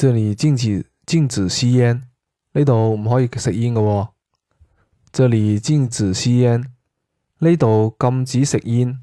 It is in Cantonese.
這裏禁止禁止吸煙，呢度唔可以食煙嘅喎。這裏禁止吸煙，呢度禁止食煙。